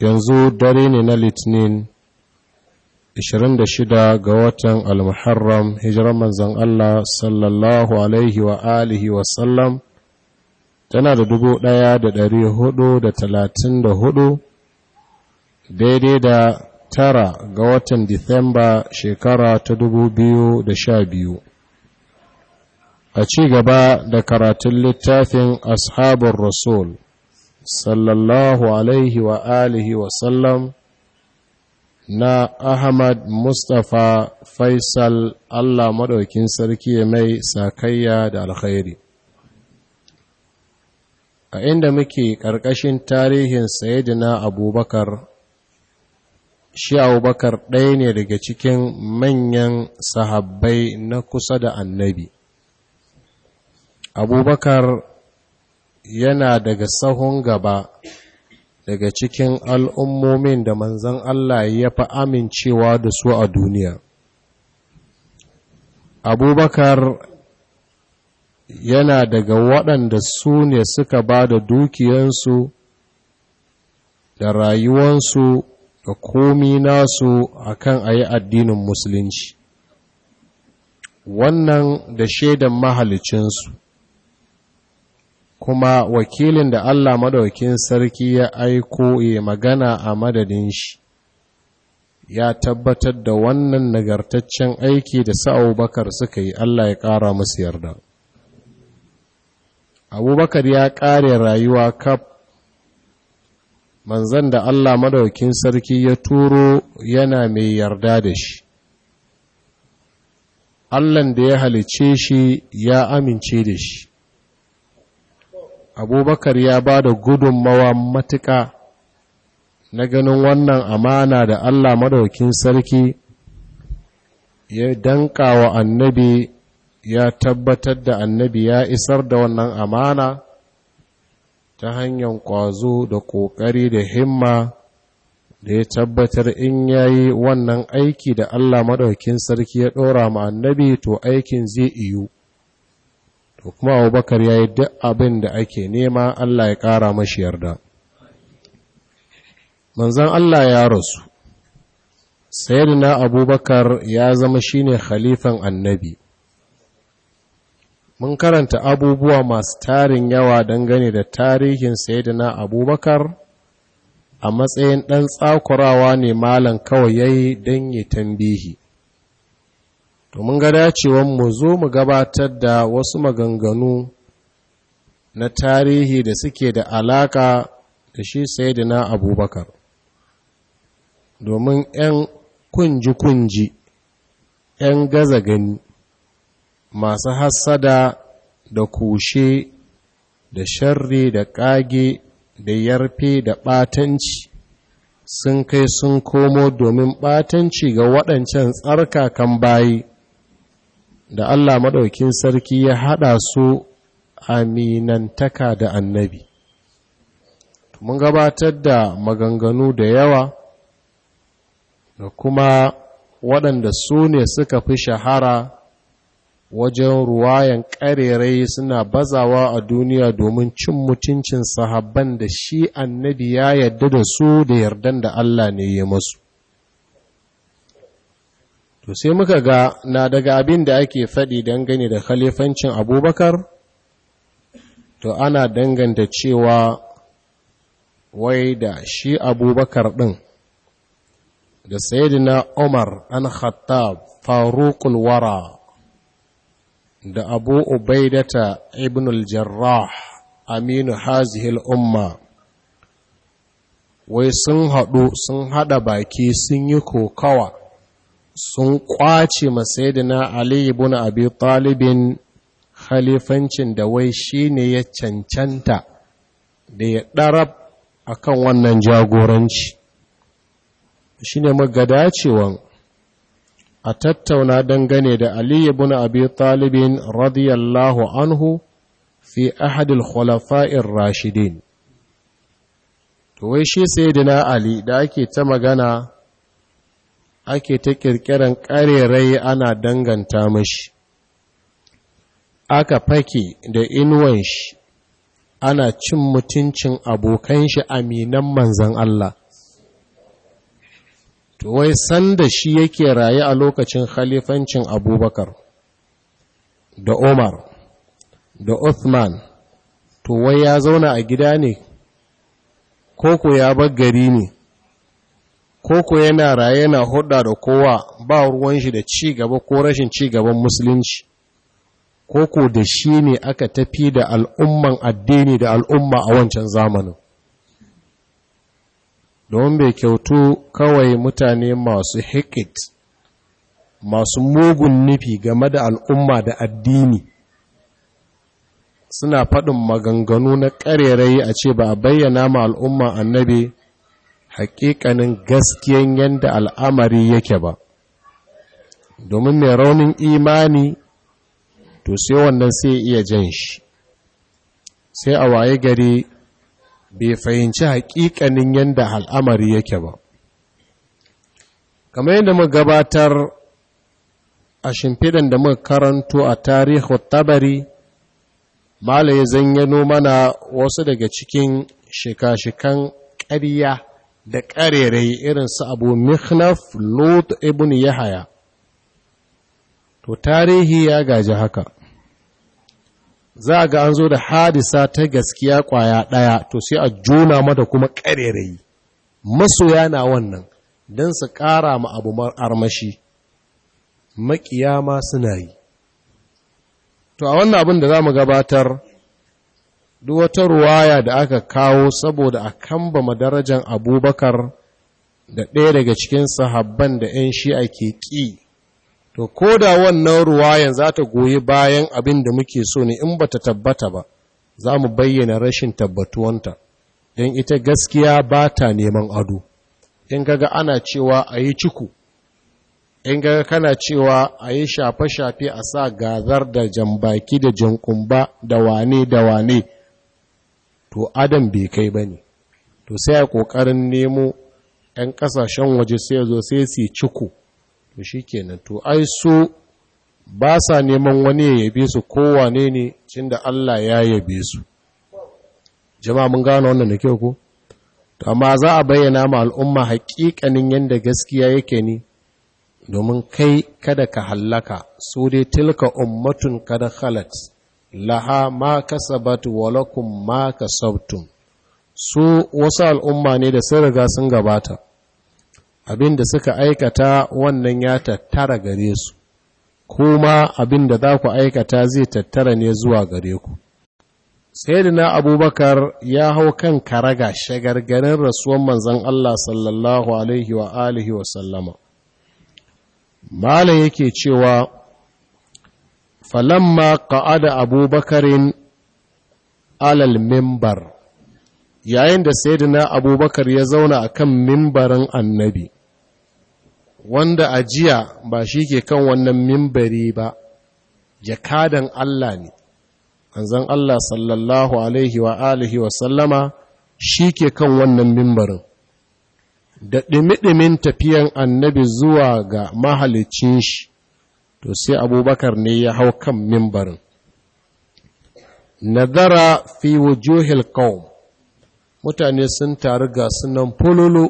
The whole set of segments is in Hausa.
yanzu dare ne na litinin 26 ga watan al-muharram hijiran manzan Allah sallallahu alaihi wa alihi wa sallam tana da 1434 daidai da tara ga watan disamba shekara ta 2012 a ci gaba da karatun littafin ashabar rasul sallallahu alaihi wa alihi wa sallam na Ahmad Mustapha Faisal Allah maɗaukin sarki mai sakayya da alkhairi. A inda muke ƙarƙashin tarihin Sayyidina Abubakar, shi Abubakar ɗaya ne daga cikin manyan sahabbai na kusa da annabi. Abubakar yana daga sahun gaba daga cikin al'ummomin da manzan Allah ya fi amincewa da su a duniya. Abubakar yana daga waɗanda su ne suka ba da dukiyansu da rayuwansu da komi nasu akan a addinin musulunci. Wannan da shaidan mahalicinsu. kuma wakilin da Allah madaukin sarki ya aiko ya magana a madadin shi ya tabbatar da wannan nagartaccen aiki da su bakar suka yi Allah ya ƙara musu yarda abubakar ya ƙare rayuwa kaf manzan da Allah madaukin sarki ya turo yana mai yarda da shi Allahn da ya halice shi ya amince da shi abubakar ya ba da gudunmawa matuƙa na ganin wannan amana da allah Maɗaukin sarki ya danka wa annabi ya tabbatar da annabi ya isar da wannan amana ta hanyar ƙwazo da ƙoƙari da himma da ya tabbatar in ya yi wannan aiki da Allah maɗaukin sarki ya ɗora ma annabi to aikin zai iyu kuma abubakar ya yi duk abin da ake nema Allah ya ƙara mashi yarda manzan Allah ya rasu sayyidina abubakar ya zama shine khalifan annabi mun karanta abubuwa masu tarin yawa dangane da tarihin sayyidina abubakar a matsayin ɗan tsakurawa ne malan kawai yayi don yi tambihi to mun ga dacewan mu zo mu gabatar da wasu maganganu na tarihi da suke da alaka da shi sayyidina abubakar domin 'yan kunji-kunji 'yan gaza gani masu hassada da kushe da sharri da ƙage da yarfe da ɓatanci sun kai sun komo domin ɓatanci ga waɗancan tsarkakan bayi da Allah maɗaukin sarki ya haɗa su aminantaka da annabi mun gabatar da maganganu da yawa da kuma waɗanda su ne suka fi shahara wajen ruwayan ƙarerai suna bazawa a duniya domin cin mutuncin sahabban da shi annabi ya yarda da su da yardan da Allah ne ya masu to sai muka ga na daga abin da ake faɗi dangane da khalifancin abubakar to ana danganta cewa wai da shi abubakar ɗin da sayidina umar an hatta faruqul wara da abu ubaidata ibn al-jarrah aminu hazihil umma wai sun haɗu sun haɗa baki sun yi kokawa sun kwace masayidina Ali ibn Abi Talib khalifancin da wai shine ya cancanta da ya darab akan wannan jagoranci shine magadacewan a tattauna dangane da Ali ibn Abi Talib radiyallahu anhu fi ahadil khulafa'ir rashidin to wai shi sayyidina Ali da ake ta magana ake ta ƙirƙiran ƙarerai ana danganta mashi aka fake da inuwan shi ana cin mutuncin abokan shi aminan manzan Allah to wai sanda shi yake raye a lokacin khalifancin abubakar da Umar da Uthman to wai ya zauna a gida ne ko ko ya bar gari ne Koko yana raye yana hudda da kowa ba ruwan shi da ci gaba ko rashin ci gaban musulunci koko da shi ne aka tafi da al'umman addini da al'umma a wancan zamanin don bai kyautu kawai mutane masu hikit masu mugun nufi game da al'umma da addini suna faɗin maganganu na ƙarerayi a ce ba a bayyana ma al'umma annabi haƙiƙanin gaskiyan yadda al'amari yake ba domin mai raunin imani to sai wannan sai iya jan shi sai a waye gari bai fahimci haƙiƙanin yadda al'amari yake ba kamar yadda muka gabatar a shimfidan da muka karanto a tarihin tabari mala ya zanyano mana wasu daga cikin shika-shikan ƙarya da ƙarerai irin su abu mihnaf lot ibn yahaya to tarihi ya gaji haka za a ga an zo da hadisa ta gaskiya ƙwaya ɗaya to sai a juna mata kuma ƙarerai masoya na wannan don su ƙara ma abu armashi maƙiya ma suna yi to a wannan abin da za mu gabatar duk wata ruwaya da aka kawo saboda a kambama darajan abubakar da ɗaya daga cikin sahabban da 'yan shi'a ke ƙi to ko da wannan ruwayan za ta goyi bayan abin da muke so ne in ba ta tabbata ba za mu bayyana rashin tabbatuwanta don ita gaskiya ba ta neman ado in kaga ana cewa a yi ciku in gaga kana cewa a yi shafe-shafe a sa gazar da jambaki da jankumba da wane da wane to adam bai kai ba ne to sai a ƙoƙarin nemo 'yan ƙasashen waje sai zo sai su ciko to shi kenan to ai so ba sa neman wani ya yabe su kowane ne cin da Allah ya yabe su jama'a mun gano wannan da kyau ko to amma za a bayyana ma al'umma haƙiƙanin yadda gaskiya yake ni domin kai kada ka hallaka su dai tilka ummatun kada khalat laha ma kasabat walakum ma kasabtum su wasu al'umma ne da sun riga sun gabata abin da suka aikata wannan ya tattara gare su kuma abin da za ku aikata zai tattara ne zuwa gare ku sayyidina abubakar ya hau kan karaga garin rasuwan manzan Allah sallallahu alaihi wa alihi wa malam yake cewa falamma qa'ada abubakarin alal mimbar yayin da sayyidina abubakar ya zauna a kan mimbarin annabi wanda a jiya ba shi ke kan wannan mimbari ba jakadan Allah ne anzan Allah sallallahu alaihi wa alihi wa sallama shi ke kan wannan mimbarin da ɗimi-ɗimin tafiyan annabi zuwa ga mahalicin shi to sai abubakar ne ya hau kan mimbarin nazara fi wujuhil qawm mutane sun taru ga sunan fululu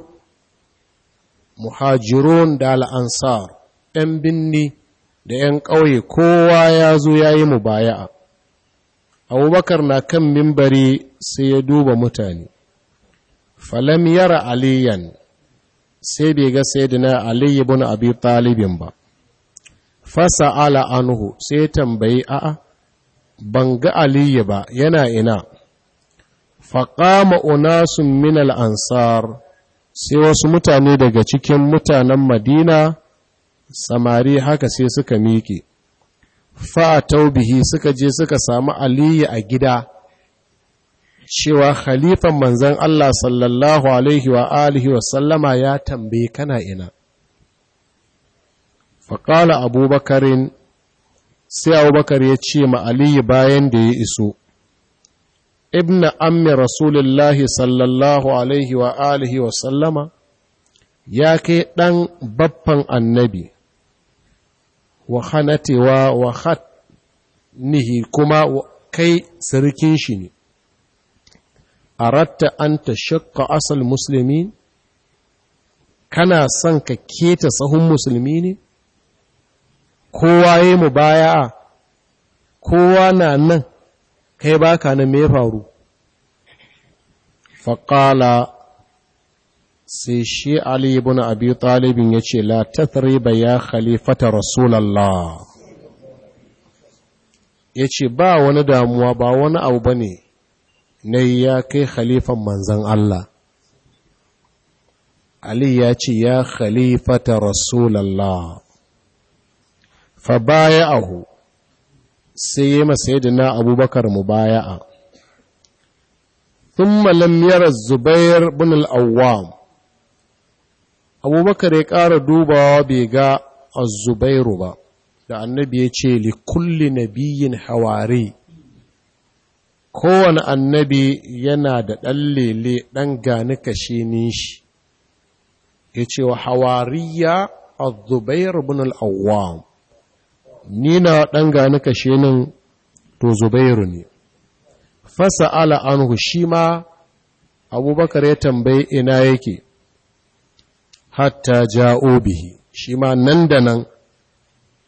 muhajirun da al'ansar ‘yan binni da ‘yan ƙauye kowa ya zo ya yi mubaya'a abubakar na kan mimbari sai ya duba mutane falam yara aliyan sai bai ga sai aliyu bin abi talibin ba fasa ala anuhu sai tambayi a'a ban ga aliyu ba yana ina faƙama unasun min ansar sai wasu mutane daga cikin mutanen madina samari haka sai suka miƙe Fa'a taubihi suka je suka samu aliyu a gida cewa khalifan manzan Allah sallallahu alaihi wa alihi ya tambaye kana ina faƙala abubakarin sai abubakar ya ce ma aliyu bayan da ya iso Ibn ammi rasulullahi sallallahu alaihi wa alihi wa sallama ya kai ɗan baffan annabi wa hanatewa wa kuma kai sarkin shi ne aratta an ta shakka asal musulmi kana son ka keta sahun musulmi ne kowa ya mu baya kowa na nan kai baka nan me faru faƙala sai shi Ali ibn Abi Talibin ya ce, La ba ya khalifata Rasulallah. Ya ce, Ba wani damuwa ba wani abu ba ne na ya kai khalifan manzan Allah. Ali ya ce, Ya khalifata Rasulallah. fa baya ahu sai yi masa yadda na abubakar mu baya a sun malamiyar zubair bin al'awwam abubakar ya ƙara dubawa bai ga a zubairu ba da annabi ya ce li kulli nabiyin hawari kowane annabi yana da ɗan lele ɗan gani kashe shi ya ce wa hawariya a zubairu bin al'awwam ni na ɗan gani kashe nan to zubairu ne fasa ala anhu shi ma abubakar ya tambayi ina yake hatta ja'o bihi shi ma nan da nan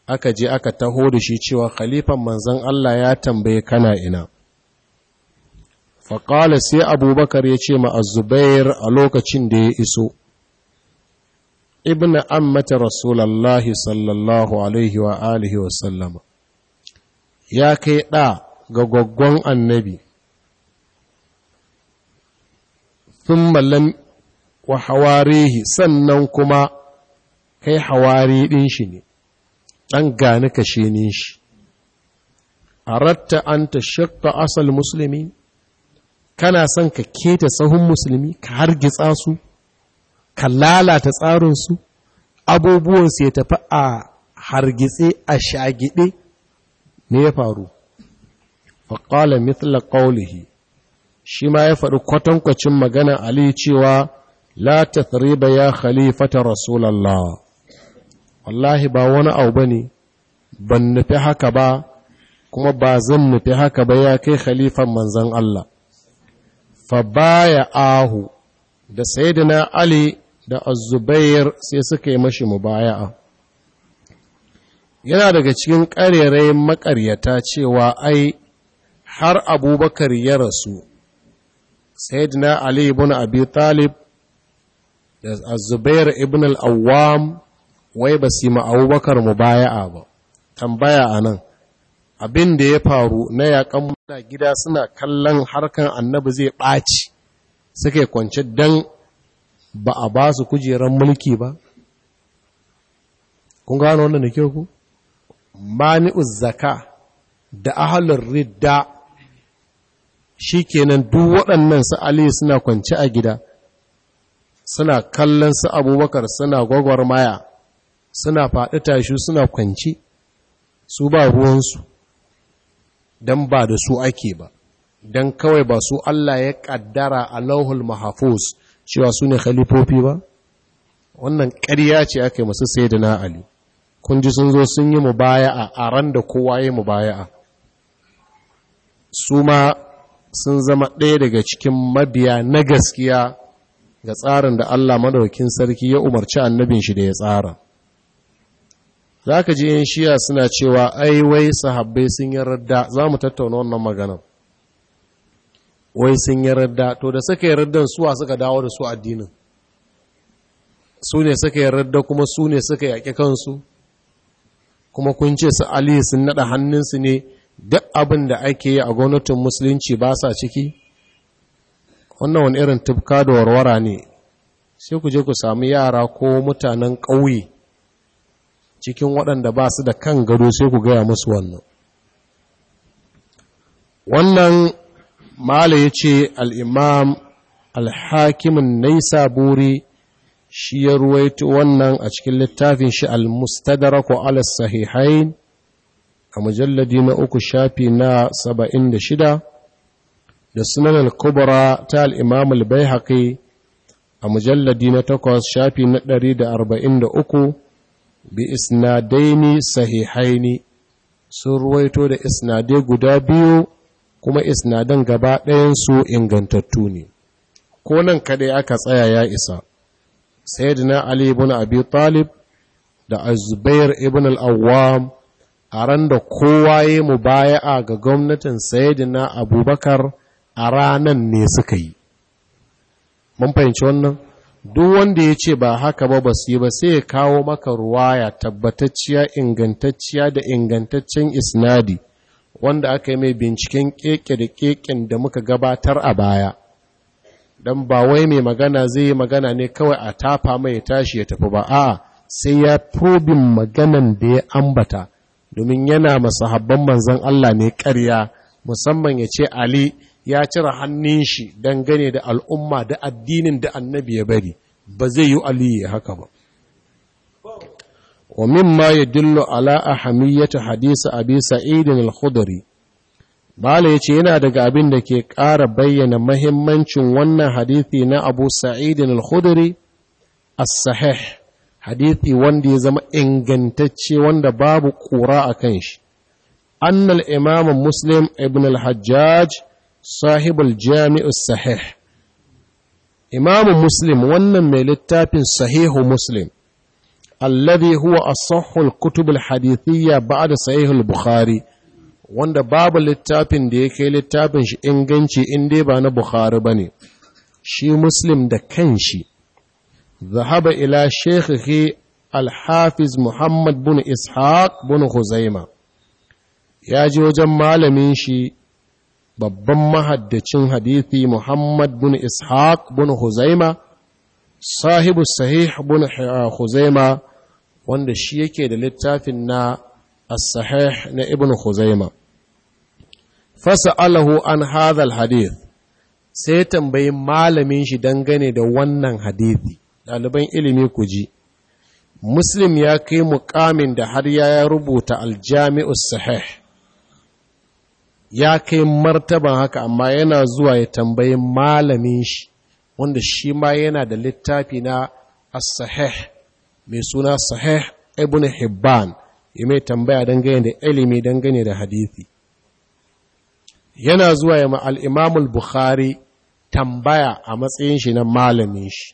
aka je aka taho da shi cewa khalifan manzan Allah ya tambaye kana ina faƙala sai abubakar ya ce ma azubair a lokacin da ya iso ibn ammata rasulallahi sallallahu alaihi wa alihi wa sallama ya kai ɗa ga gwaggon annabi sun mallam wa hawarihi sannan kuma kai haware ɗin shi ne ɗan gani kashenin shi aratta an ta shakka asal musulmi kana son ka keta sahun musulmi ka hargitsa su ka lalata tsarinsu abubuwansu ya tafi a hargitse a shagide ne ya faru faƙala mithla ƙaulihi shi ma ya faɗi kwatankwacin magana ali cewa la tathriba ya khalifata rasulallah wallahi ba wani abu ba ne. ban nufi haka ba kuma ba zan nufi haka ba ya kai khalifan manzan Allah fa baya ahu da sayyidina ali da azubair sai suka yi mashi mubaya'a yana daga cikin ƙarerai maƙaryata cewa ai har abubakar ya rasu sayyidina ali ibn abi talib da azubair ibn al wai ba su ma abubakar mubaya'a ba tambaya a nan abin da ya faru na yaƙan gida suna kallon harkan annabi zai ɓaci suke kwance don ba a ba su kujeran mulki ba kun gano wannan da kyau ku mani'uz zaka da ahlur ridda shikenan duk waɗannan su Ali suna kwanci a gida suna kallon su Abubakar suna gwagwarmaya suna faɗi tashi suna kwanci su ba ruwansu don ba da su ake ba don kawai ba su Allah ya ƙaddara a lauhul mahafuz cewa su ne khalifofi ba wannan ƙarya ce aka yi masu sai da na ali kun ji sun zo sun yi mubaya'a a aran da kowa ya mubaya'a su ma sun zama ɗaya daga cikin mabiya na gaskiya ga tsarin da Allah madaukin sarki ya umarci annabin shi da ya tsara za ka ji yin shiya suna cewa ai wai sahabbai sun yi radda za mu tattauna wannan maganar wai sun yi radda to da suka yi raddan suwa suka dawo da su addinin su ne suka yi radda kuma su ne suka yaƙi kansu kuma kun ce su ali sun naɗa hannunsu ne duk abin da ake yi a gwamnatin musulunci ba sa ciki wannan wani irin tufka da warwara ne sai ku je ku sami yara ko mutanen ƙauye cikin waɗanda ba su da kan gado sai ku gaya musu wannan wannan mala ya ce al'imam alhakimin naisa buri shi ya ruwaito wannan a cikin littafin shi al-mustadara ko al-sahihain a mujalladi na uku shafi na saba'in da shida da sunan al kubara ta al al-bai haƙi a mujalladi na takwas shafi na ɗari da arba'in da uku bi isnadaini sahihaini sun ruwaito da isnadai guda biyu kuma isnadan gaba ɗayansu ingantattu ne ko nan kaɗai aka tsaya ya isa sayyidina ali ibn abi talib da azubair ibn al a ran da kowa ya mubaya'a ga gwamnatin sayyidina abubakar a ranan ne suka yi mun fahimci wannan duk wanda ya ce ba haka ba ba su yi ba sai ya kawo maka ruwaya tabbatacciya ingantacciya da ingantaccen isnadi wanda aka yi mai binciken keke da keken da muka gabatar a baya don ba wai mai magana zai yi magana ne kawai a tafa mai ya tashi ya tafi ba a sai ya probin maganan da ya ambata domin yana habban manzan Allah ne karya musamman ya ce Ali ya cire hannun shi dangane da al'umma da addinin da annabi ya bari ba zai yi Ali ya haka ba wa ya yadullu ala ahamiyyati hadisi abi sa'id al-khudri bala yace yana daga abin da ke ƙara bayyana mahimmancin wannan hadisi na abu sa'id al-khudri as-sahih hadisi wanda ya zama ingantacce wanda babu ƙura a kan shi annal imam muslim ibn al-hajjaj sahib al-jami' as-sahih imam muslim wannan mai littafin sahihu muslim alladhi huwa asahhul kutub hadithiyya ba'da sahih al-bukhari wanda babu littafin da ya kai littafin shi inganci in dai ba na bukhari bane shi muslim da kanshi zahaba ila shaykhihi al-hafiz muhammad bin ishaq bin huzaima ya je wajen malamin shi babban mahaddacin hadithi muhammad bin ishaq bin huzaima sahibu sahih bin huzaima wanda shi yake da littafin na as-sahih na ibn khuzaima fasa'alahu an hadha al-hadith sai tambayi malamin shi dangane da wannan hadithi Daliban ilimi ku ji muslim ya kai mukamin da har ya rubuta aljami'u sahih ya kai martaban haka amma yana zuwa ya tambayi malamin shi wanda shi ma yana da littafi na as-sahih mai suna sahih ibn hibban ya mai tambaya dangane da ilimi dangane da hadithi yana zuwa ya al'imamul bukhari tambaya a matsayin shi na malamin shi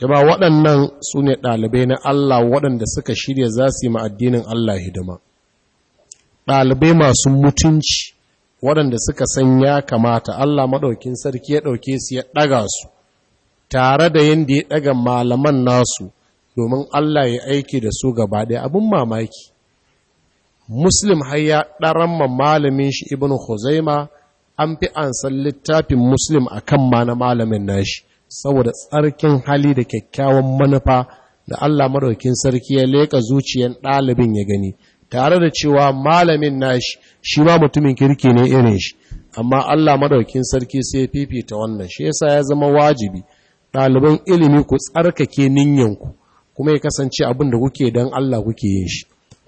ya ba waɗannan su ne ɗalibai na Allah waɗanda suka shirya za su yi ma'addinin Allah hidima ɗalibai masu mutunci waɗanda suka san ya kamata Allah maɗaukin sarki ya ɗauke su ya ɗaga su tare da yadda ya ɗaga malaman nasu domin Allah ya aiki da su gaba ɗaya abin mamaki muslim har ya ɗaran malamin shi ibn huzaima an fi ansan littafin muslim a kan ma na malamin nashi saboda tsarkin hali da kyakkyawan manufa da Allah maɗaukin sarki ya leƙa zuciyar ɗalibin ya gani tare da cewa malamin nashi shi ma mutumin kirki ne irin shi amma Allah maɗaukin sarki sai fifita wannan shi yasa ya zama wajibi ɗaliban ilimi ku tsarkake ku kuma ya kasance abin da kuke don Allah kuke yin shi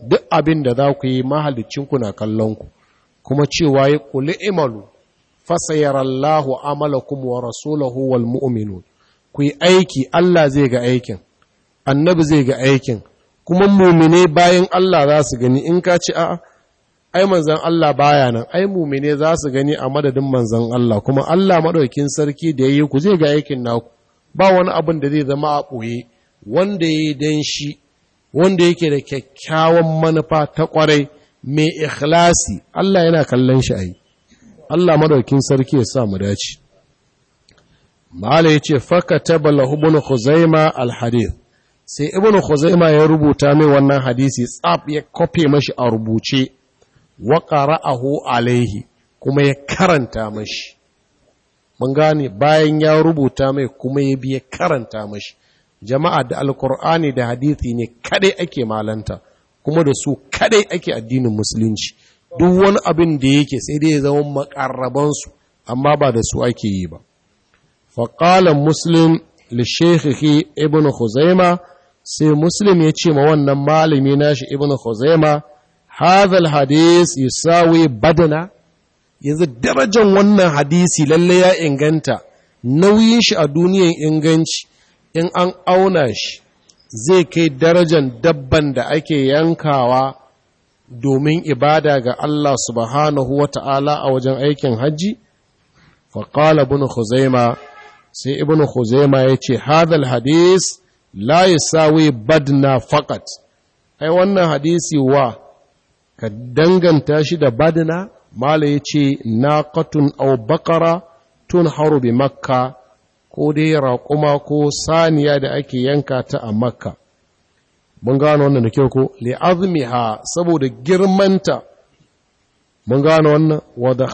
duk abin da za ku yi mahalicinku na kallon ku kuma cewa ya kuli imalu fasayarallahu amalakum wa rasulahu wal mu'minu ku yi aiki Allah zai ga aikin annabi zai ga aikin kuma mumine bayan Allah za su gani in ka ci a'a ai manzan Allah baya nan ai mumine za su gani a madadin manzan Allah kuma Allah madaukin sarki da yayi ku zai ga aikin naku ba wani abin da zai zama a ɓoye wanda ya yi don shi wanda yake da kyakkyawan manufa ta kwarai mai ikhlasi Allah yana kallon shi a yi. Allah madaukin sarki ya sa mu dace mala yace faka lahu ibn khuzaima alhadith sai ibn khuzaima ya rubuta mai wannan hadisi tsab ya kofe mashi a rubuce wa qara'ahu alaihi kuma ya karanta mashi mun gane bayan ya rubuta mai kuma ya bi ya karanta mashi jama'a da alkur'ani da hadithi ne kadai ake malanta kuma da su kadai ake addinin musulunci duk wani abin da yake sai dai ya zama makarrabansu amma ba da su ake yi ba faƙalan muslim shekhi ibn huzaima sai muslim ya ce ma wannan malami nashi ibn huzaima hadhal hadis yusawi badana yanzu darajar wannan hadisi lalle ya inganta nauyin shi a duniyan inganci in an auna shi zai kai darajan dabban da ake yankawa domin ibada ga Allah subhanahu wa ta'ala a wajen aikin hajji? Faƙala ibn Khuzaima, sai ibn Khuzaima ya ce, Hadal hadis la sawi badna fakat, ai wannan hadisi wa, ka danganta shi da badna, mala ya ce, naƙatun au bakara tun haru bi makka ko dai raƙuma ko saniya da ake yanka ta a makka mun gano wannan da kyau ko li'azmiha saboda girmanta mun gano wannan wadda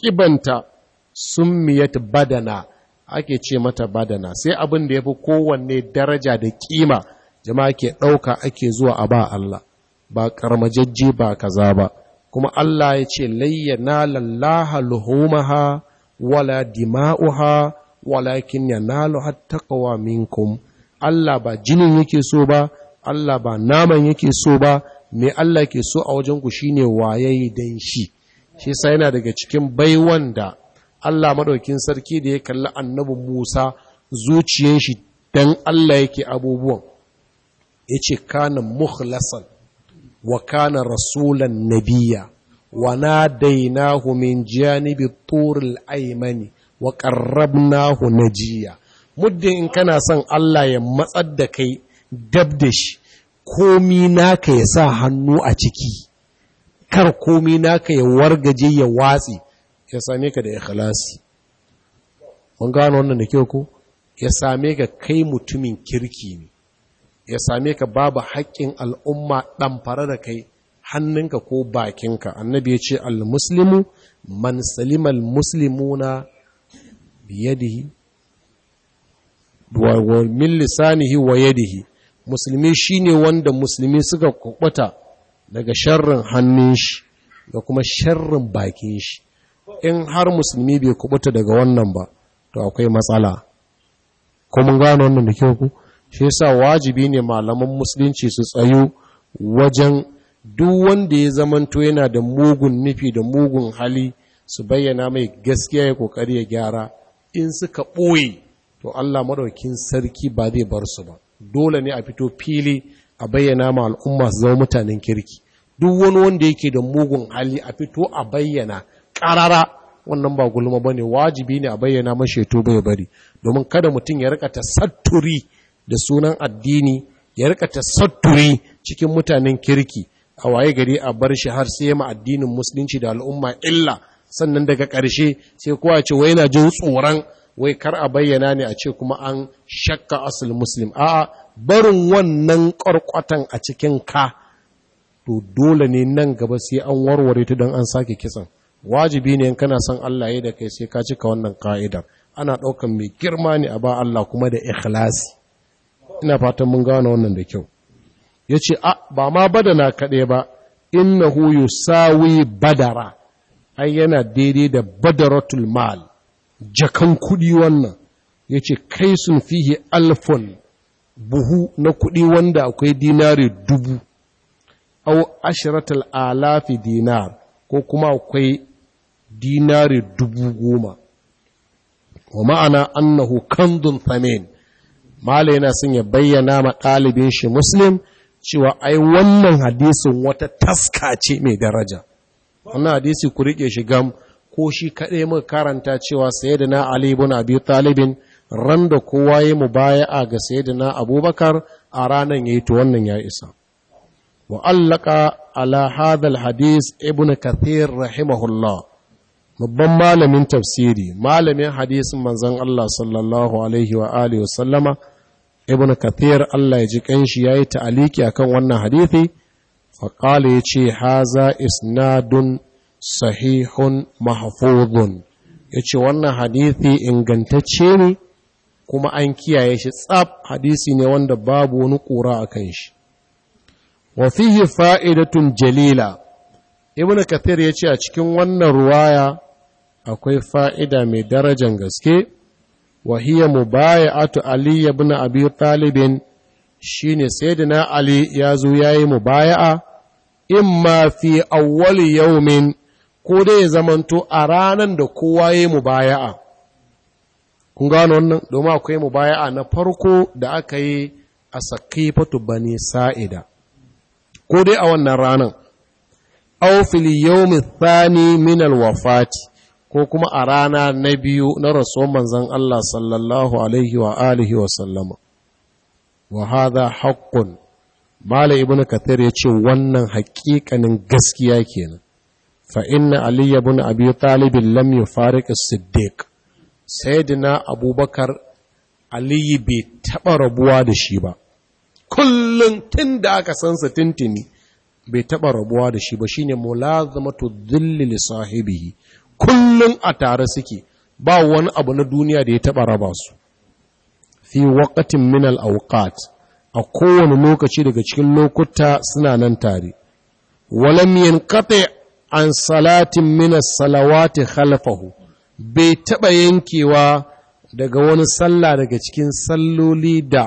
kibanta summiyat badana ake ce mata badana sai abin da ya fi kowanne daraja da kima jama'a ke ɗauka ake zuwa a ba Allah ba karmajajje ba kaza ba kuma Allah ya ce layyana lallaha luhumaha wala dima'uha walakin yanalu attaqwa minkum Allah ba jinin yake so ba Allah ba naman yake so ba me Allah ke so a wajen ku shine wayayi dan shi shi sai yana daga cikin baiwan da Allah maɗaukin sarki da ya kalli annabi Musa zuciyar shi dan Allah yake abubuwan yace kana mukhlasan wa kana rasulan nabiyya wa nadainahu min janibi turul aymani wa na jiya, muddin in kana son Allah ya matsar da kai dab da shi komi naka ya sa hannu a ciki kar komi naka ya wargaje ya watsi ya same ka da ikhlasi mun gano wannan da kyau ko ya same ka kai mutumin kirki ne ya same ka babu haƙƙin al'umma ɗamfara da kai hannunka ko bakinka annabi ya ce al-muslimu man salimal muslimuna biyadihi wa min lisanihi wa yadihi musulmi shine wanda musulmi suka kubuta daga sharrin hannun shi da kuma sharrin bakin shi in har musulmi bai kubuta daga wannan ba to akwai matsala ko mun gano wannan da kyau ku shi yasa wajibi ne malaman musulunci su tsayu wajen duk wanda ya zamanto yana da mugun nufi da mugun hali su bayyana mai gaskiya ya kokari ya gyara in suka ɓoye to Allah maɗaukin sarki ba zai bar su ba dole ne a fito fili a bayyana ma al'umma su zama mutanen kirki duk wani wanda yake da mugun hali a fito a bayyana ƙarara wannan ba gulma ba ne wajibi ne a bayyana masheto bai bari domin kada mutum ya rika satturi da sunan addini ya rika satturi cikin mutanen kirki a waye gari a bar shi har sai ma addinin musulunci da al'umma illa sannan daga ƙarshe sai kowa ce wai yana jin tsoron wai kar a bayyana ne a ce kuma an shakka asul muslim a barin wannan ƙwarƙwatan a cikin ka to dole ne nan gaba sai an warware ta don an sake kisan wajibi ne kana son Allah ya da kai sai ka cika wannan ka'idar ana ɗaukan mai girma ne a ba Allah kuma da ikhlasi ina fatan mun gane wannan da kyau yace a ba ma badana kaɗai ba innahu yusawi badara ai yana daidai da badaratul mal jakan kudi wannan ya ce kai sun fihi alfon buhu na kudi wanda akwai dinari dubu au ashiratul alafi dinar ko kuma akwai dinari dubu goma wa ma'ana annahu kandun thamin mala yana son ya bayyana ma ɗalibin shi muslim cewa ai wannan hadisin wata taska ce mai daraja wannan hadisi ku rike shi gam ko shi kaɗai mun karanta cewa sayyidina Ali ibn Abi Talibin ran da kowa ya mubaya'a ga sayyidina Abubakar a ranan yayi to wannan ya isa wa allaka ala hadal hadis ibn kathir rahimahullah babban malamin tafsiri malamin hadisin manzon Allah sallallahu alaihi wa alihi sallama ibn kathir Allah ya ji kanshi yayi ta'aliki akan wannan hadisi faƙali ya ce haza isnadun sahihun mahfuzun ya ce wannan hadisi ingantacce ne kuma an kiyaye shi tsaf hadisi ne wanda babu wani ƙura a kan shi wa fihi fa'idatun jalila ibn kathir ya ce a cikin wannan ruwaya akwai fa'ida mai darajan gaske wa hiya mubaya'atu ali ibn abi talibin shine sayyidina ali ya zo yayi mubaya'a In imma fi awwali yaumin ko dai ya zamanto a ranar da kowa ya yi baya'a, Kun gano wannan domin akwai mu baya'a na farko da aka yi a sakifatu bani sa'ida. Ko dai a wannan ranar, au fili yaumi thani minal wafati ko kuma a rana na biyu na rasuwar manzan Allah sallallahu Alaihi wa alihi wa sallama. Wa haƙƙun Malam Ibn Kathir ya ce wannan haƙiƙanin gaskiya kenan. Fa inna Ali ibn Abi Talib lam yufariq as-Siddiq. Sayyidina Abubakar Aliyu bai taɓa rabuwa da shi ba. Kullum tun da aka san sa tintini bai taɓa rabuwa da shi ba shine mulazamatu dhilli li sahibihi. Kullum a tare suke ba wani abu na duniya da ya taɓa raba su. Fi waqatin min al a kowane lokaci daga cikin lokuta suna nan tare walam kafe an salatin mina as-salawati bai taɓa yankewa daga wani sallah daga cikin salloli da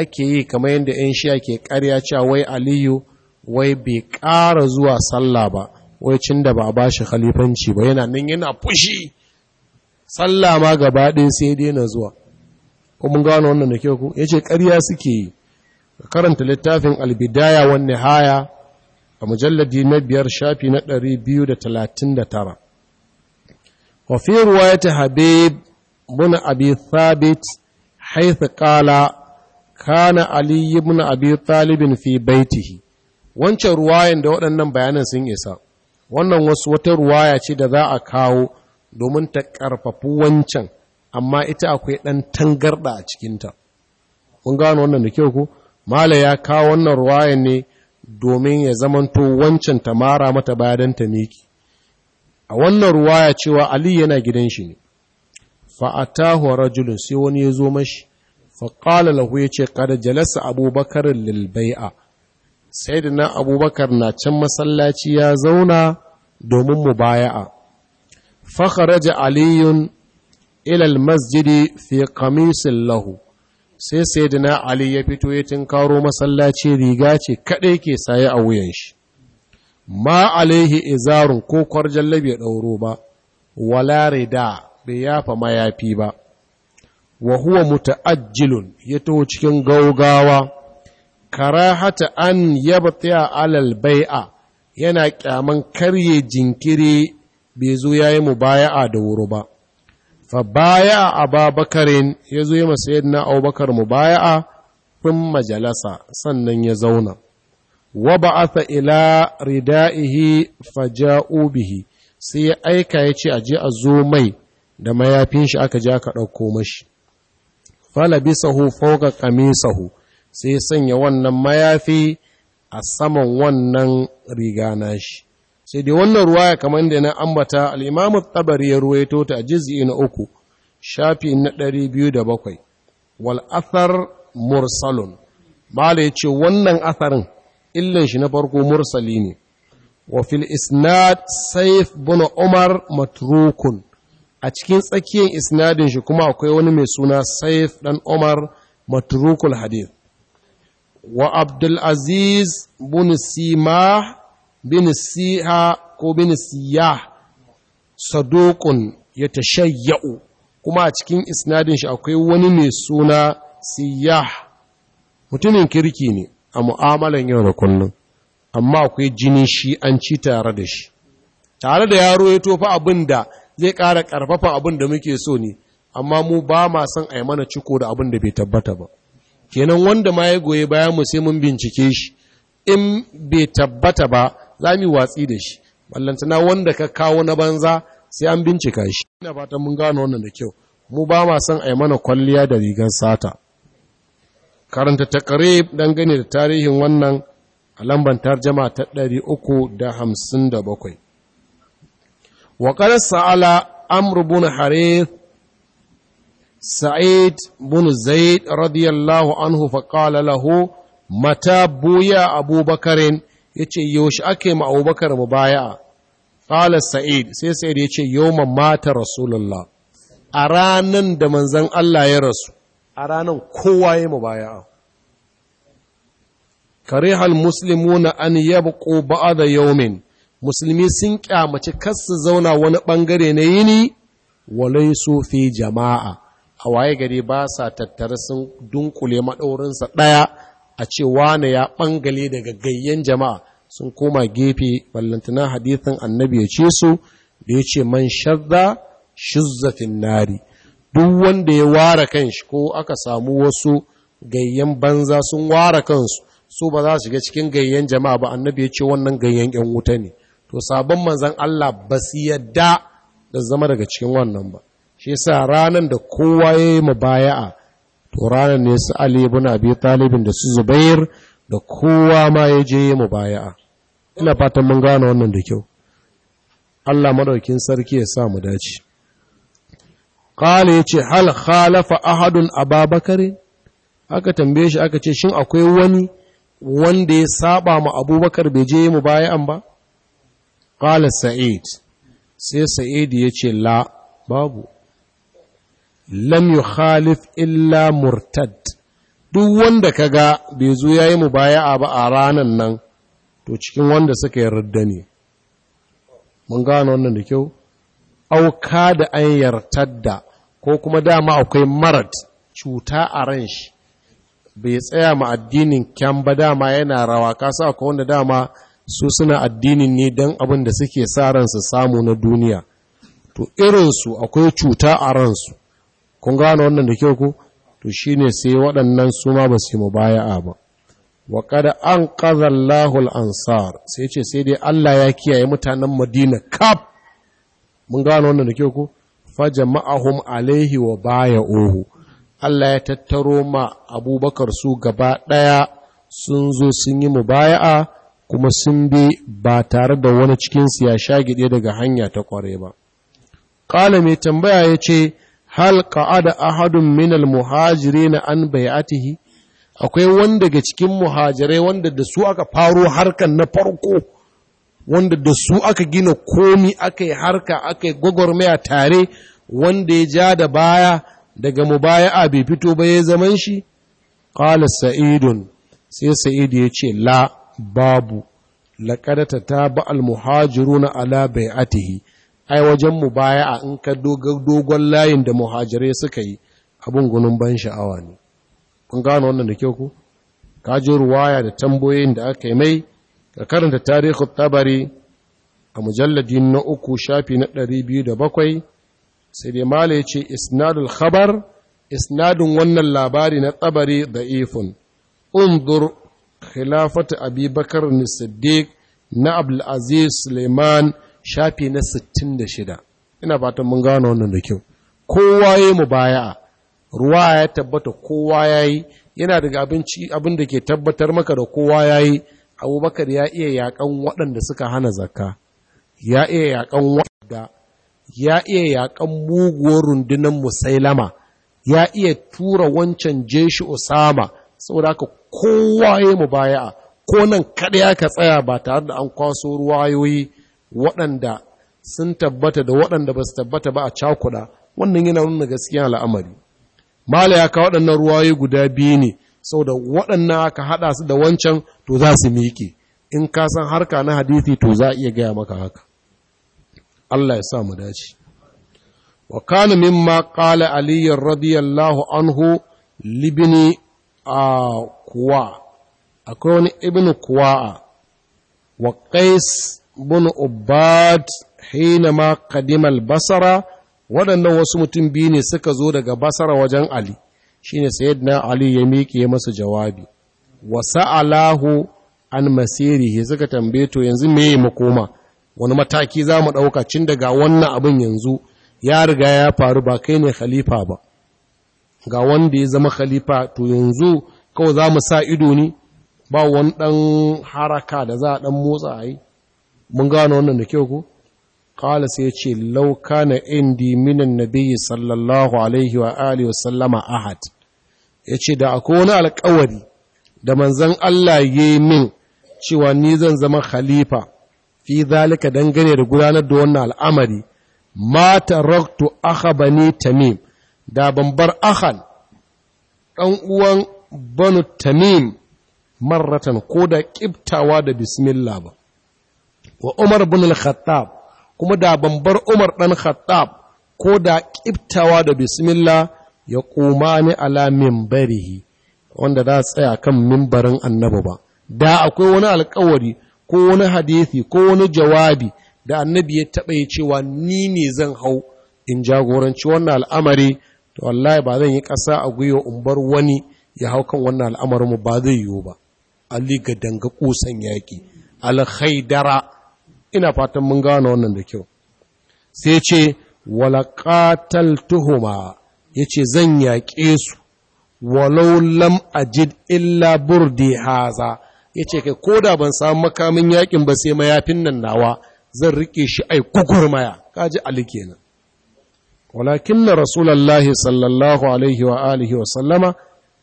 ake yi kamar yadda 'yan shiya ke karya cewa wai aliyu wai bai ƙara zuwa sallah ba wai cin da ba a bashi khalifanci ba yana nan yana fushi sallah ma gaba ɗin sai dai na zuwa ko mun gano wannan da kyau ku ce ƙarya suke yi karanta littafin albidaya wani haya a mujalladi na biyar shafi na 239 wa ya ta habe bin abi thabit haythu qala kana Aliyu muna abi talibin fi baitihi wancan ruwayan da waɗannan bayanan sun isa wannan wasu wata ruwaya ce da za a kawo domin ta ƙarfafu wancan amma ita akwai ɗan tangarɗa a cikinta kun gano wannan da kyau ku mala ya kawo wannan ruwayan ne domin ya zamanto wancan ta mara mata baya bayan ta miki a wannan ruwaya cewa ali yana gidan shi ne fa'atahu rajulun sai wani ya zo mashi faƙala lahu ya ce kada jalasa abubakar lilbai'a sai da na abubakar na can masallaci ya zauna domin mu baya'a fakharaja aliyun ilal masjidi fi kamisin lahu sai sayyidina ali ya fito ya tinkaro masallaci riga ce kaɗai ke saye a wuyan shi ma alaihi izarun ko kwarjalle bai ɗauro ba wala rida bai yafa mayafi ba wa huwa muta'ajjilun ya cikin gaugawa karahata an yabtiya alal bai'a yana kyaman karye jinkiri bai zo yayi mubaya'a da wuri ba fa baya ababakarin ya zo yi masayid na abubakar mu baya'a fin majalasa sannan ya zauna wa ba'atha ila rida'ihi faja'u bihi sai ya aika ya ce aje a zo mai da mayafin shi aka je aka ɗauko mashi falabisahu fawqa qamisahu sai ya sanya wannan mayafi a saman wannan riga nashi sai dai wannan ruwaya kamar da na ambata al'imamu tabari ya ruwaito ta a jiz'i na uku shafi na ɗari biyu da bakwai wal'athar athar mursalun da ya ce wannan atharin illan shi na farko mursali ne wa fil isnad saif bin umar matrukun a cikin tsakiyar isnadin shi kuma akwai wani mai suna saif dan umar matrukul hadith wa Abdul aziz bin sima bin siha ko bin siya sadokun ya tashayya'u kuma a cikin isnadin shi akwai wani mai suna siyah mutumin kirki ne a mu'amalan yau da kullum amma akwai jinin shi an ci tare da shi tare da yaro ya tofa abin da zai kara ƙarfafa abin da muke so ne amma mu ba ma son a yi mana ciko da abin da bai tabbata ba kenan wanda ma ya goye bayan mu sai mun bincike shi in bai tabbata ba za mu watsi da shi ballantana wanda ka kawo na banza sai an bincika shi ina fatan mun gano wannan da kyau mu ba ma son ai mana kwalliya da rigar sata karanta taqrib dan gane da tarihin wannan a lambar tarjama ta 357 wa qala sa'ala amr ibn harith sa'id bun zaid radiyallahu anhu fa qala lahu mata buya abubakarin ya ce yaushe ake ma abubakar mu baya ƙalar sa'id sai sa'id ya ce yawman mata rasulullah a ranan da manzan Allah ya rasu a ranan kowa ya mu baya karihal na an yabqu da yomin. musulmi sun kyamaci su zauna wani bangare na yini walai su fi jama'a a waye gari ba sa tattara sun dunkule maɗaurinsa ɗaya a ce wane ya bangale daga gayyen jama'a sun koma gefe ballantana hadithin annabi ya ce su da ya ce man shazza shizzatin nari duk wanda ya ware kanshi ko aka samu wasu gayyen banza sun ware kansu su ba za su shiga cikin gayyen jama'a ba annabi ya ce wannan gayyen yan wuta ne to sabon manzan Allah ba su yadda da zama daga cikin wannan ba shi sa ranan da kowa ya yi mubaya'a to ranar ne su Ali ibn Abi Talibin da su Zubair da kowa ma ya je mu baya'a ina fatan mun gane wannan da kyau Allah madaukin sarki ya sa mu dace qala yace hal khalafa ahadun ababakar aka tambaye shi aka ce shin akwai wani wanda ya saba ma abubakar bai je mu baya'an ba qala sa'id sai sa'id yace la babu lam yukhalif illa murtad duk wanda kaga bai zo yayi mubaya'a ba a ranan nan to cikin wanda suka yarda ne mun gano wannan da kyau auka da an yartadda ko kuma dama akwai marat cuta a ran shi bai tsaya ma addinin kyan ba dama yana rawa kasa akwai wanda dama su suna addinin ne dan abin da suke sa ransu samu na duniya to su akwai cuta a ransu kun gano wannan da kyau ku to shine sai waɗannan su ma ba su yi mubaya'a ba wa qad anqadha al-ansar sai ce sai dai Allah ya kiyaye mutanen Madina kaf mun gano wannan da kyau ku fajama'ahum alaihi wa baya'uhu Allah ya tattaro ma Abubakar su gaba ɗaya sun zo sun yi mubaya'a kuma sun bi ba tare da wani cikinsu ya sha gide daga hanya ta kware ba. Ƙala mai tambaya yace ce, hal qa'ada ahadun muhajiri muhajirin an bai'atihi akwai wanda daga cikin muhajirai wanda da su aka faro harkan na farko wanda da su aka gina komi aka yi harka aka yi gwagwarmaya tare wanda ya ja da baya daga mubaya'a bai fito ba ya zaman shi qala sa'idun sai sa'id ya ce la babu laqad tataba al muhajiruna ala bai'atihi ai wajen mu baya a in ka dogon layin da muhajirai suka yi abin gunun ban sha'awa ne kun gano wannan da kyau ku ka ji ruwaya da tambayoyin da aka yi mai ka karanta tarihin tabari a mujalladi na uku shafi na ɗari biyu da bakwai sai dai mala ya ce isnadul khabar isnadun wannan labari na tabari da ifun undur khilafatu abi bakar siddiq na abdulaziz suleiman shafi na 66 ina fatan mun gano wannan da kyau kowa ya mu baya ruwa ya tabbata kowa ya yi yana daga abinci abin da ke tabbatar maka da kowa ya yi abubakar ya iya yakan waɗanda suka hana zakka ya iya yakan waɗanda ya iya yakan muguwar rundunar musailama ya iya tura wancan jeshi osama saboda haka kowa ya mu baya ko nan kaɗai aka tsaya ba tare da an kwaso ruwayoyi waɗanda sun tabbata da waɗanda ba su tabbata ba a cakuɗa wannan yana nuna gaskiya al'amari mala ya ka waɗannan ruwayoyi guda biyu ne sau da waɗannan aka haɗa su da wancan to za su miƙe in ka san harka na hadithi to za a iya gaya maka haka Allah ya sa mu dace wa kana mimma qala ali radiyallahu anhu libni a kuwa akwai wani ibnu kuwa wa qais bin Ubbad hinama kadimal basara waɗannan wasu mutum biyu ne suka zo daga basara wajen Ali shine na Ali ya miƙe masa jawabi wasu alahu an masirihi suka tambaye to yanzu yi makoma wani mataki za mu ɗauka cin daga wannan abin yanzu ya riga ya faru ba kai ne khalifa ba ga wanda ya zama khalifa to yanzu kawai za mu sa ido ne ba wani ɗan haraka da za a ɗan motsa a yi mun gano wannan da kyau ku kala sai ya ce lauka na indi minan nabi sallallahu alaihi wa alihi wa sallama ahad ce da akwai wani alkawari da manzan Allah ya yi min cewa ni zan zama khalifa fi zalika dangane da gudanar da wannan al'amari mata taraktu aka bani tamim da ban bar ɗan ɗan uwan banu tamim marratan ko da kiftawa da bismillah ba wa Umar bin al-Khattab kuma da bambar Umar dan Khattab ko da kiftawa da bismillah ya koma ni ala minbarihi wanda za tsaya kan mimbarin annabi ba da akwai wani alkawari ko wani hadisi ko wani jawabi da annabi ya taɓa ya cewa ni ne zan hau in jagoranci wannan al'amari to wallahi ba zan yi ƙasa a gwiwa in wani ya hau kan wannan mu ba zai yiwu ba ali ga danga kusan yaƙi Alkhaidara. ina fatan mun gano wannan da kyau sai ce walaƙatar tuhuma yace zan yaƙe su walau lam ajid illa burdi haza ya ce. kai da ban samu makamin yaƙin ba sai mayafin nan nawa zan riƙe shi ai maya kaji ali kenan walakin na rasulallahi sallallahu alaihi wa alihi wa sallama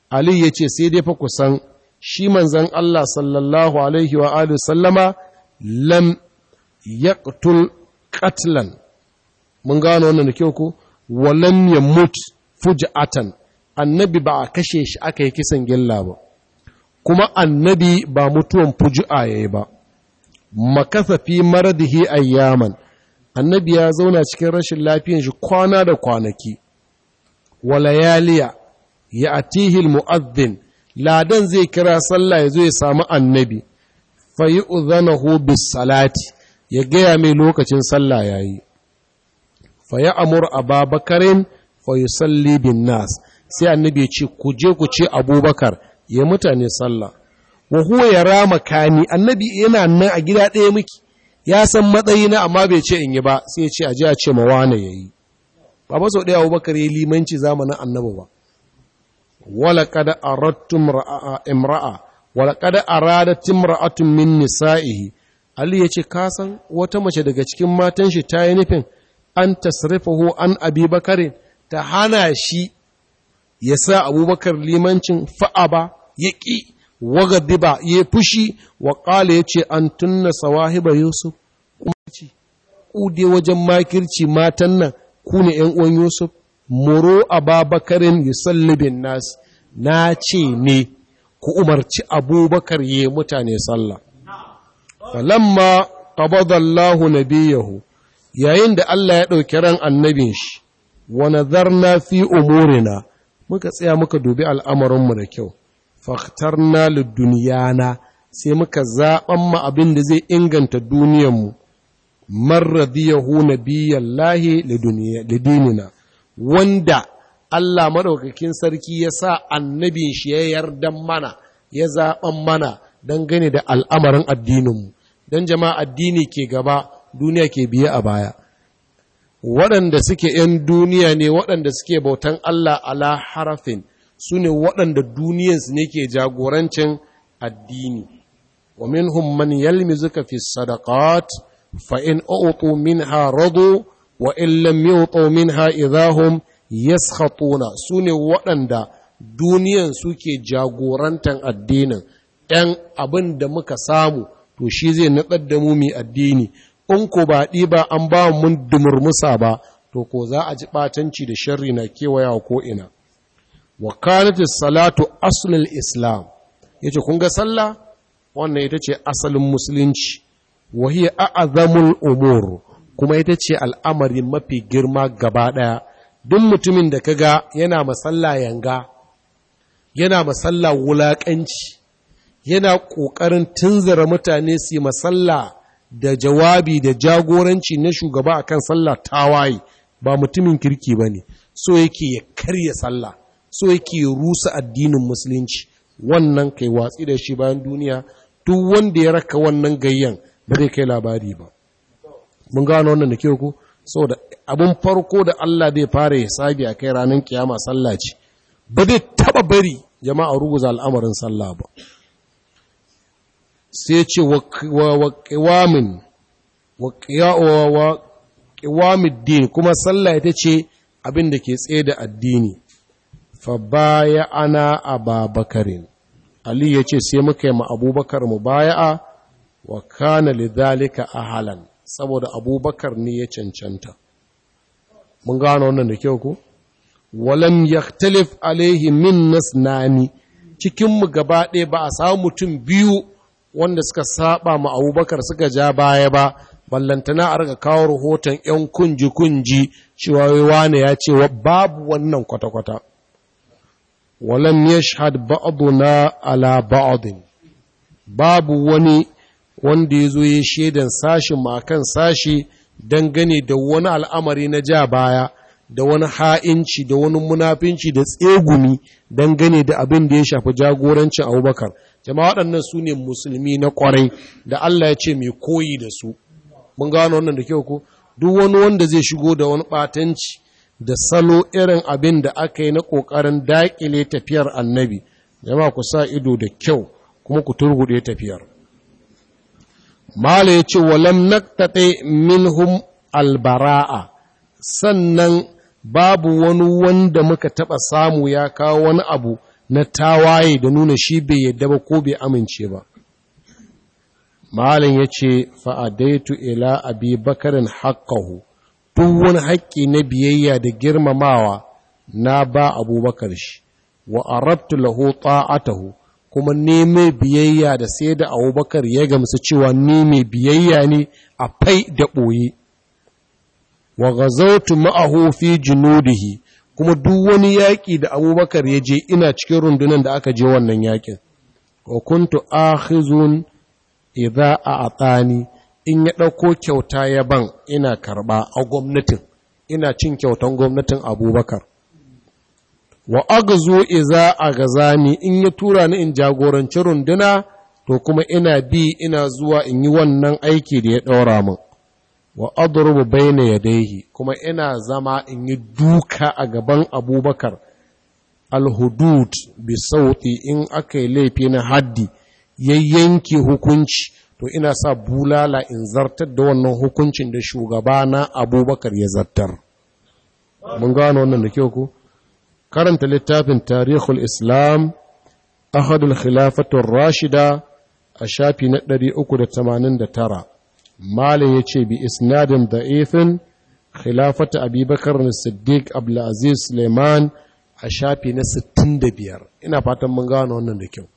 ali ya ce sai dai fa kusan shi manzan Allah sallallahu alaihi wa alihi sallama lam yaqtul qatlan mun gano wannan da kyau ko walam yamut fuj'atan annabi ba a kashe shi aka yi kisan gilla ba kuma annabi ba mutuwan fuju'a yayi ba makasa fi maradihi ayyaman annabi ya zauna cikin rashin lafiyan shi kwana da kwanaki walayaliya ya atihil mu'azzin ladan zai kira sallah ya zo ya samu annabi fa yi uzanahu bis salati ya gaya mai lokacin sallah ya yi fa ya amur ababakarin fa salli bin nas sai annabi ce ku je ku ce abubakar ya mutane sallah wa huwa ya rama kani annabi yana nan a gida ɗaya miki ya san matsayi na amma bai ce in yi ba sai ya ce a ji a ce mawana wane ya yi ba ba sau ɗaya abubakar ya limanci zamanin annabi ba wala kada arattum imra'a wala kada aradat imra'atun min nisa'ihi Ali ya ce kasan wata mace daga cikin matan shi ta yi nufin an tasrifahu an abi bakarin ta hana shi ya sa abubakar limancin fa'a ba ya ƙi wagadiba ya fushi wa ƙala ya ce an tunna sawahiba yusuf kuma ƙude wajen makirci matan nan ku ne ‘yan uwan yusuf muro ababakarin yusallibin nas na ce ne ku umarci abubakar ya mutane sallah falamma qabadallahu nabiyahu yayin da Allah ya ɗauki ran annabin shi wa na fi umurina muka tsaya muka dubi al'amarinmu da kyau faktarna na sai muka zaɓan mu abin da zai inganta duniyar mu marradiyahu nabiyallahi lidinina wanda Allah maɗaukakin sarki ya sa annabin shi ya yarda mana ya zaɓan mana dangane da al'amarin addininmu don jama'a addini ke gaba duniya ke biye a baya waɗanda suke 'yan duniya ne waɗanda suke bautan Allah ala harafin su ne waɗanda duniyansu ne ke jagorancin addini wa min minhum yalmi zuka fi sadakat, fa in min ha radu wa in lam min ha idahum yaskhatuna su ne waɗanda duniyan suke jagorantar addinin ‘yan abin da muka samu to shi zai natsar da mu mai addini in ko ba ba an ba mun dumurmusa ba to ko za a ji ɓatanci da sharri na kewaya ko ina wa kanatis salatu aslul islam yace kun ga sallah wannan ita ce asalin musulunci wa hiya a'zamul umur kuma ita ce al'amari mafi girma gaba ɗaya duk mutumin da ka ga yana masalla yanga yana masalla wulaƙanci yana ƙoƙarin tunzara mutane su yi sallah da jawabi da jagoranci na shugaba a akan sallah tawaye ba mutumin kirki ba ne so yake ya karya sallah so yake ya rusa addinin musulunci wannan kai watsi da shi bayan duniya duk wanda ya raka wannan gayyan ba zai kai labari ba mun gano wannan da kyau ko saboda abin farko da Allah zai fara hisabi a kai ranar kiyama sallah ce ba zai taba bari jama'a ruguza al'amarin sallah ba sai ce wa ƙiwamin wa ƙiwamin kuma sallah ita ce abin da ke tsaye da addini fa baya ana ababakarin ali ya ce sai muka yi ma abubakar mu a wa kana lidhalika ahalan saboda abubakar ne ya cancanta mun gano wannan da kyau ko walam yaktalif alaihi min nasnani cikin mu gaba ɗaya ba a samu mutum biyu wanda suka saba ma abubakar suka ja baya ba ballantana a riga kawo rahoton 'yan kunji-kunji cewa wane ya ce babu wannan kwata-kwata walam ba'adu na ala ba'adun babu wani wanda ya zo ya shaidan sashi makan sashi dangane da wani al'amari na ja baya da wani ha'inci da wani munafinci da tsegumi dangane da abin da ya shafi jagorancin abubakar jama waɗannan su ne musulmi na ƙwarai da Allah ya ce mai koyi da su mun gano wannan da kyau ko duk wani wanda zai shigo da wani ɓatanci da salo irin abin da aka yi na ƙoƙarin daƙile tafiyar annabi jama ku sa ido da kyau kuma ku turgude tafiyar mala ya ce walam naktaɗe minhum albara'a sannan babu wani wanda muka taɓa samu ya kawo wani abu na tawaye da nuna shi bai yadda ba ko bai amince ba malin ya ce fa'adaitu ila abi bakarin haƙƙahu tun wani haƙƙi na biyayya da girmamawa na ba abubakar shi wa a arabtu a ta'atahu kuma neme biyayya da sai da abubakar ya gamsu cewa neme biyayya ne a fai da ɓoye wa ga gazautu ma'ahu fi junudihi kuma duk wani yaƙi da abubakar ya je ina cikin rundunan da aka je wannan yaƙin wa kuntu akhizun idza a'tani in ya ɗauko kyauta ya ban ina karɓa a gwamnatin ina cin kyautan gwamnatin abubakar wa agzu idza agazani in ya tura ni in jagoranci runduna to kuma ina bi ina zuwa in yi wannan aiki da ya ɗaura min wa adrubu bayna yadayhi kuma ina zama in yi duka a gaban abubakar alhudud bi sauti in aka yi laifi na haddi ya yanke hukunci to ina sa bulala in zartar da wannan hukuncin da shugabana abubakar ya zartar mun gano wannan da kyau ku karanta littafin tarihul islam ahadul khilafatul rashida a shafi na 389 Malam ya ce bi isnadin da'ifin khilafata abubakar na siddiq abdulaziz suleiman a shafi na 65 ina fatan mun gano wannan da kyau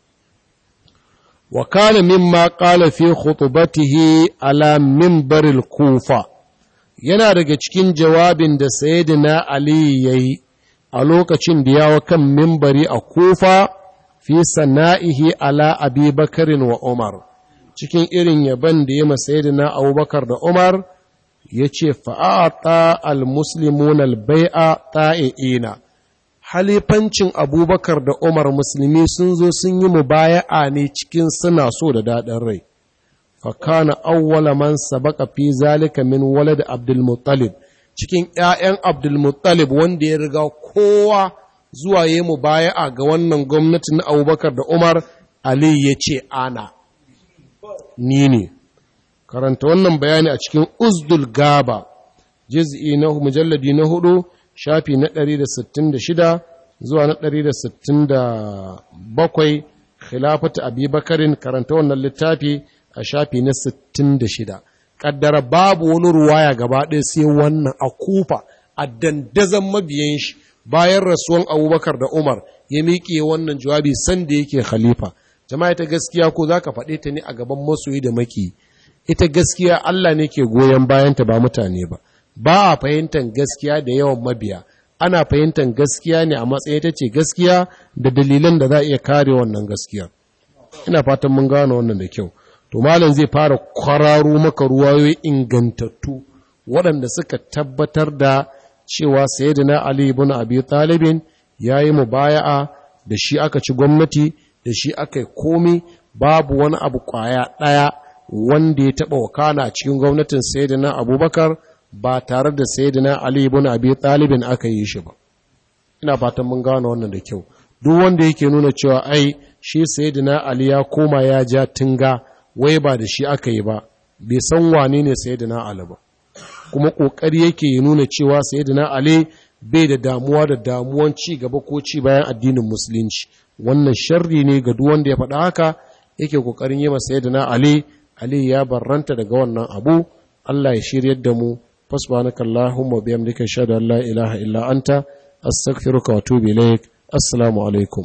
wa kana mimma qala fi khutbatihi ala mimbarin kufa yana daga cikin jawabin da sayyidina ali yayi a lokacin da yawa kan mimbari a kufa fi sana'ihi ala abubakarin wa umar cikin irin yaban da ya da na abubakar da umar ya ce fa'ata al-muslimun al-bai'a ta'i'ina halifancin abubakar da umar musulmi sun zo sun yi mu mubaya'a ne cikin suna so da daɗin rai fakana awwala man sabaka fi zalika min da abdulmuttalib cikin ‘ya'yan abdulmuttalib wanda ya riga kowa zuwa yi mu mubaya'a ga wannan gwamnatin na abubakar da umar ali ya ce ana ni ne karanta wannan bayani a cikin uzdul gaba jiz'i na mujalladi na hudu shafi na 166 zuwa na 167 khilafatu abubakarin karanta wannan littafi a shafi na 66 kaddara babu wani ruwaya gaba ɗaya sai wannan a kufa a dandazan mabiyan shi bayan rasuwan abubakar da umar ya miƙe wannan jawabi sanda yake khalifa jama'a ita gaskiya ko za ka faɗe ta ne a gaban masoyi da maki ita gaskiya Allah ne ke goyon bayanta ba mutane ba ba a fahimtar gaskiya da yawan mabiya ana fahimtar gaskiya ne a matsayi ta ce gaskiya da dalilan da za a iya kare wannan gaskiya ina fatan mun gano wannan da kyau to malam zai fara kwararo maka ruwayoyi ingantattu waɗanda suka tabbatar da cewa sayyidina ali ibn abi talibin yayi mubaya'a da shi aka ci gwamnati da shi aka yi komi babu wani abu kwaya ɗaya wanda ya taɓa wakana a cikin gwamnatin saidina abubakar ba tare da saidina ali ibn abi talibin aka yi shi ba ina fatan mun gano wannan da kyau duk wanda yake nuna cewa ai shi saidina ali ya koma ya ja tinga wai ba da shi aka yi ba bai san wane ne sayyidina ali ba kuma kokari yake ya nuna cewa saidina ali bai da damuwa da damuwan ci gaba ko ci bayan addinin musulunci wannan sharri ne ga duk wanda ya faɗa haka yake kokarin yi masa yadda na ali ali ya barranta daga wannan abu Allah ya shiryar da mu fasbanaka allahumma bihamdika shada la ilaha illa anta astaghfiruka wa atubu ilaik assalamu alaikum